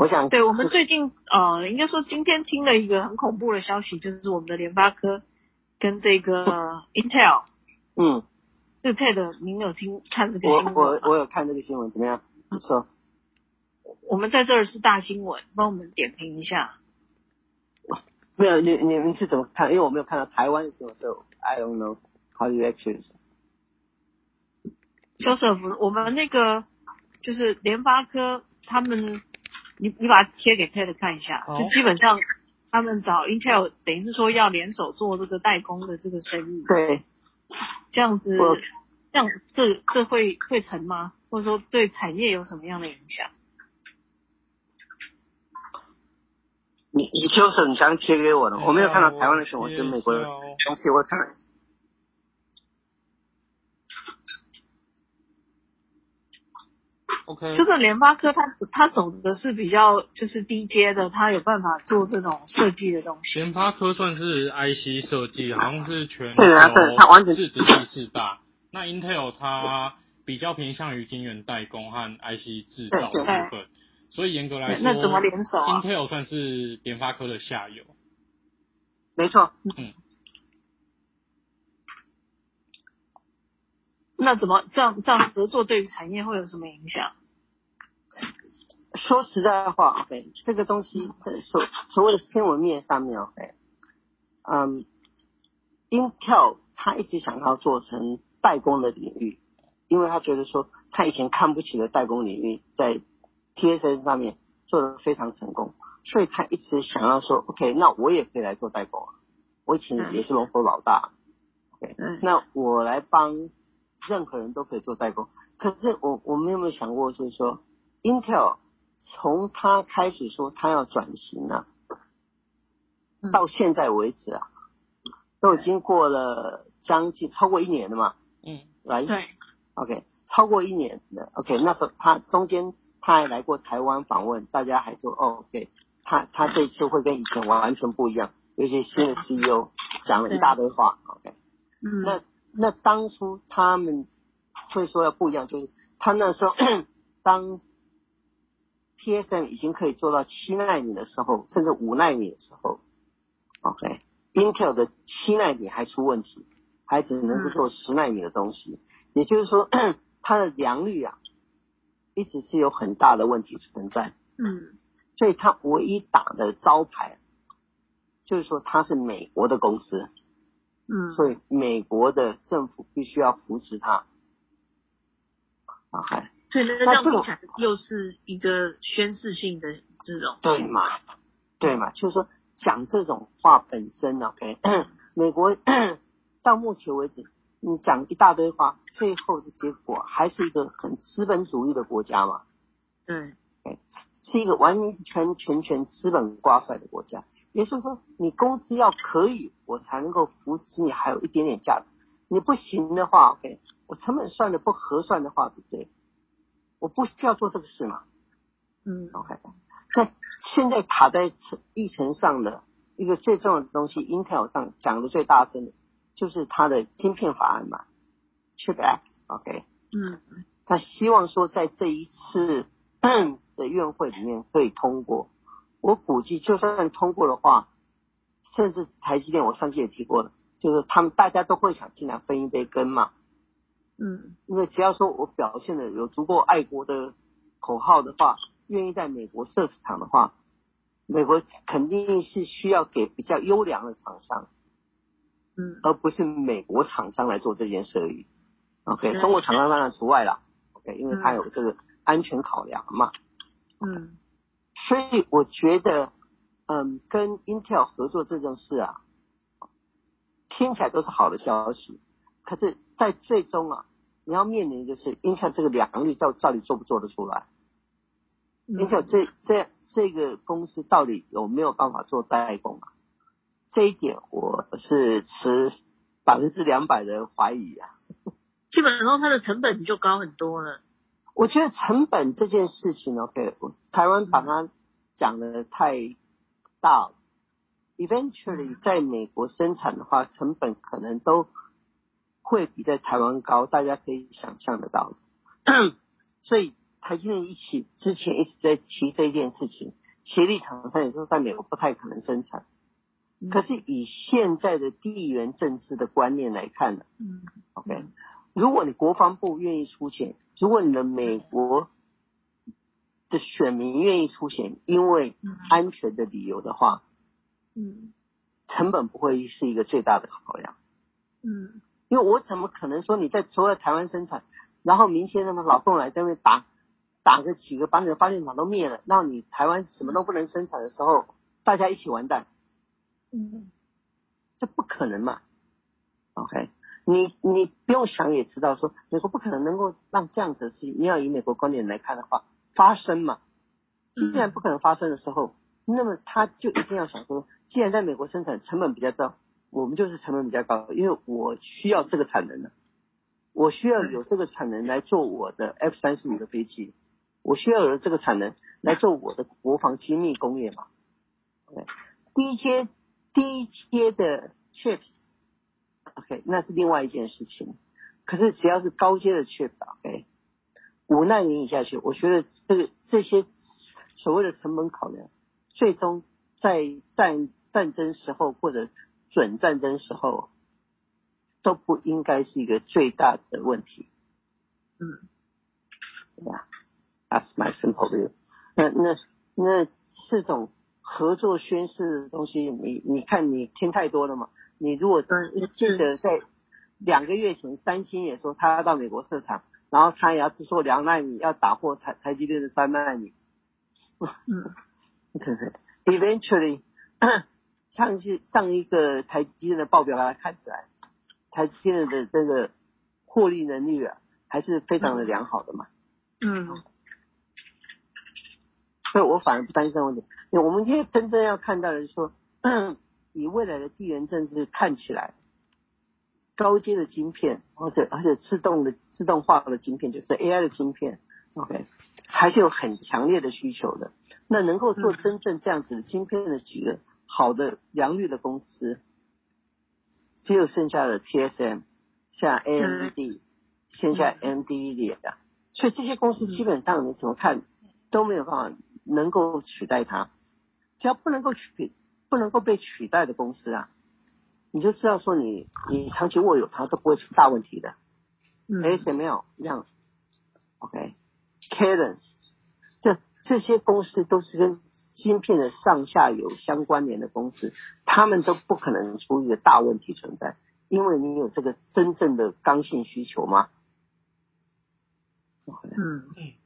我想，對我們最近呃，應該說今天聽了一個很恐怖的消息，就是我們的聯發科跟這個 Intel，嗯 i n t e l 您有聽看這個新聞？我我，我有看這個新聞，怎麼樣？不錯。我們在這兒是大新聞，幫我們點評一下。沒有，你你是怎麼看？因為我沒有看到台灣的新聞，所，so，以 I don't know how you actually。Joseph，我們那個就是聯發科他們。你你把它貼給 Pad 看一下、哦，就基本上他們找 Intel，等於是說要聯手做這個代工的這個生意。對，這樣子，我這樣這這會會成嗎？或者說對產業有什麼樣的影響？你你就是很想貼給我的、啊，我沒有看到台灣的新聞，我是美國的東西，啊、我，我看。這個聯發科它，它它走的是比較就是低階的，它有辦法做這種設計的東西。聯發科算是 IC 設計，好像是全球對、啊，它、啊啊、完全是是第四大。那 Intel 它比較偏向於晶圓代工和 IC 製造部分、啊，所以嚴格來說，那怎麼聯手、啊？Intel 算是聯發科的下游。沒錯。嗯。那怎麼這樣這樣合作，對於產業會有什麼影響？說實在話，對、okay, 這個東西，在所所謂的新聞面上面 OK 嗯，英特、okay, 爾，um, 他一直想要做成代工的領域，因為他覺得說他以前看不起的代工領域，在 TSS 上面做得非常成功，所以他一直想要說，OK，那我也可以來做代工啊，我以前也是龍頭老大，OK，那我來幫任何人都可以做代工，可是我我們有沒有想過，就是說，Intel 從他開始說他要轉型了、啊，到現在為止啊，嗯、都已經過了將近超過一年了嘛。嗯、來、right? 對，OK，超過一年了 OK，那時候他中間他還來過台灣訪問，大家還說、哦、OK，他他這次會跟以前完全不一樣，有些新的 CEO 講了一大堆話 OK。嗯、那那當初他們會說要不一樣，就是他那時候 當。TSM 已經可以做到七納米的時候，甚至五納米的時候，OK，Intel、okay. 的七納米還出問題，還只能夠做十納米的東西，嗯、也就是說它的良率啊，一直是有很大的問題存在。嗯，所以它唯一打的招牌就是說它是美國的公司，嗯，所以美國的政府必須要扶持它。OK。所以、那個、那這種、個、又是一個宣示性的這種，對嘛？對嘛？就是說講這種話本身，OK，美國到目前為止，你講一大堆話，最後的結果還是一個很資本主義的國家嘛？嗯 o、okay, 是一個完全全全資本掛帥的國家。也就是說，你公司要可以，我才能夠扶持你，還有一點點價值。你不行的話，OK，我成本算的不合算的話，對不對？我不需要做這個事嘛，嗯，OK，那現在卡在議程上的一個最重要的東西 ，Intel 上講的最大聲的就是它的晶片法案嘛 Chip Act，OK，嗯，他希望說在這一次的院會裡面可以通過，我估計就算通過的話，甚至台積電我上次也提過了，就是他們大家都會想進來分一杯羹嘛。嗯，因為只要說我表現得有足夠愛國的口號的話，願意在美國設廠的話，美國肯定是需要給比較優良的廠商，嗯，而不是美國廠商來做這件事而已。OK，中國廠商當然除外了。OK，因為它有這個安全考量嘛。嗯，所以我覺得，嗯，跟 Intel 合作這件事啊，聽起來都是好的消息，可是在最終啊。你要面臨就是，Intel 這個良率到到底做不做得出來？你看這這這個公司到底有沒有辦法做代工啊？這一點我是持百分之兩百的懷疑啊。基本上它的成本就高很多了。 我覺得成本這件事情，OK，台灣把它講的太大了。嗯。Eventually，在美國生產的話，成本可能都。會比在台灣高，大家可以想象得到。 所以台積電一起之前一直在提這件事情，協力廠商也就是在美國不太可能生產、嗯。可是以現在的地緣政治的觀念來看呢、嗯嗯、，OK，如果你國防部願意出錢，如果你的美國的選民願意出錢，因為安全的理由的話，嗯，成本不會是一個最大的考量，嗯。因為我怎麼可能說你在除了台灣生產，然後明天那麼老共來單位打，打個幾個把你的發電廠都滅了，讓你台灣什麼都不能生產的時候，大家一起完蛋，嗯，這不可能嘛，OK，你你不用想也知道說美國不可能能夠讓這樣子的事情，你要以美國觀點來看的話發生嘛，既然不可能發生的時候，那麼他就一定要想說，既然在美國生產成本比較高。我們就是成本比較高，因為我需要這個產能呢，我需要有這個產能來做我的 F 三十五的飛機，我需要有這個產能來做我的國防精密工業嘛。OK，低階低階的 chips，OK，、okay, 那是另外一件事情。可是只要是高階的 chips，OK，、okay, 五納米以下去，我覺得這個、這些所謂的成本考量，最終在戰戰爭時候或者，準戰爭時候都不應該是一個最大的問題，嗯，對吧？Yeah,That's my simple view 那。那那那這種合作宣誓的東西，你你看你聽太多了嘛？你如果記得在兩個月前，三星也說他要到美國設廠，然後他也要做兩納米，要打破台台積電的三納米。嗯，對 對，Eventually。 像是上一個台積電的報表把它看起來，台積電的這個獲利能力啊，還是非常的良好的嘛。嗯。嗯，所以我反而不擔心這個問題。我們今天真正要看到的是說，以未來的地緣政治看起來，高階的晶片，或者而且自動的自動化的晶片，就是 AI 的晶片，OK，還是有很強烈的需求的。那能夠做真正這樣子的晶片的企業。嗯嗯好的，良率的公司，只有剩下的 TSM，像 AMD，、嗯、剩下 MDV 的，所以這些公司基本上你怎麼看、嗯、都沒有辦法能夠取代它。只要不能夠取不能夠被取代的公司啊，你就知道說你你長期握有它都不會出大問題的。ASML，一樣，OK，Cadence，、okay. 這這些公司都是跟。芯片的上下游相關聯的公司，他們都不可能出一個大問題存在，因為你有這個真正的剛性需求嗎？Okay. 嗯。對。